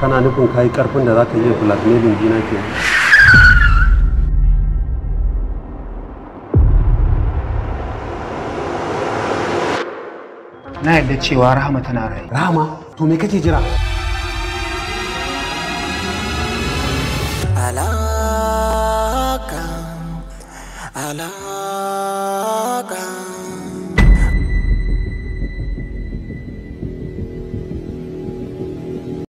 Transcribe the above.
kana nufin ka yi karfin da za ka iya blackmailing dina ke na yadda cewa rahama tana raye rahama to me kake jira alaka alaka